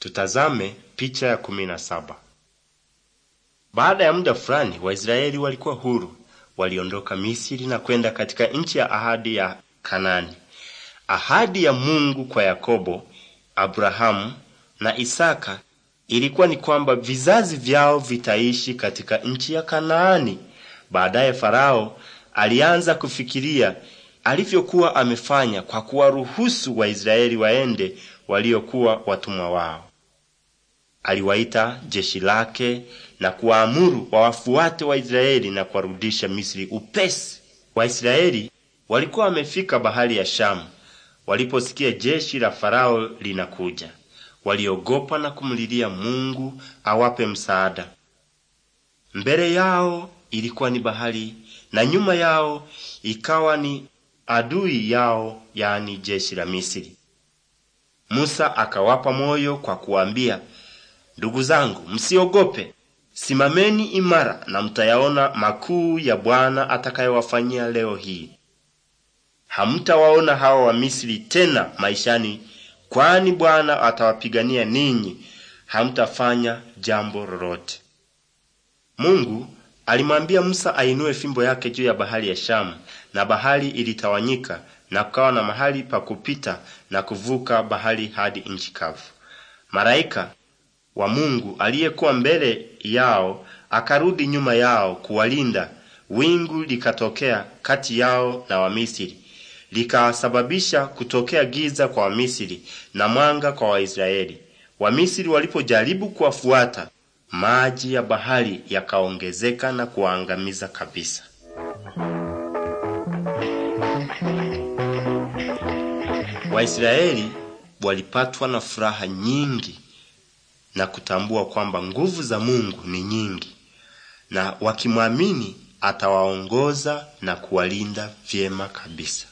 Tutazame picha ya kumi na saba. Baada ya muda fulani, Waisraeli walikuwa huru, waliondoka Misri na kwenda katika nchi ya ahadi ya Kanani. Ahadi ya Mungu kwa Yakobo, Abrahamu na Isaka ilikuwa ni kwamba vizazi vyao vitaishi katika nchi ya Kanaani. Baadaye Farao alianza kufikiria alivyokuwa amefanya kwa kuwaruhusu Waisraeli waende waliokuwa watumwa wao aliwaita jeshi lake na kuwaamuru wawafuate Waisraeli na kuwarudisha Misri upesi. Waisraeli walikuwa wamefika bahari ya Shamu waliposikia jeshi la Farao linakuja. Waliogopa na kumlilia Mungu awape msaada. Mbele yao ilikuwa ni bahari na nyuma yao ikawa ni adui yao, yaani jeshi la Misri. Musa akawapa moyo kwa kuambia Ndugu zangu, msiogope, simameni imara, na mtayaona makuu ya Bwana atakayowafanyia leo hii. Hamtawaona hawa Misri tena maishani, kwani Bwana atawapigania ninyi, hamtafanya jambo lolote. Mungu alimwambia Musa ainue fimbo yake juu ya bahari ya Shamu, na bahari ilitawanyika na kukawa na mahali pa kupita na kuvuka bahari hadi nchi kavu. Malaika wa Mungu aliyekuwa mbele yao akarudi nyuma yao kuwalinda. Wingu likatokea kati yao na Wamisri likasababisha kutokea giza kwa Wamisri na mwanga kwa Waisraeli. Wamisri walipojaribu kuwafuata, maji ya bahari yakaongezeka na kuwaangamiza kabisa. Waisraeli walipatwa na furaha nyingi na kutambua kwamba nguvu za Mungu ni nyingi, na wakimwamini atawaongoza na kuwalinda vyema kabisa.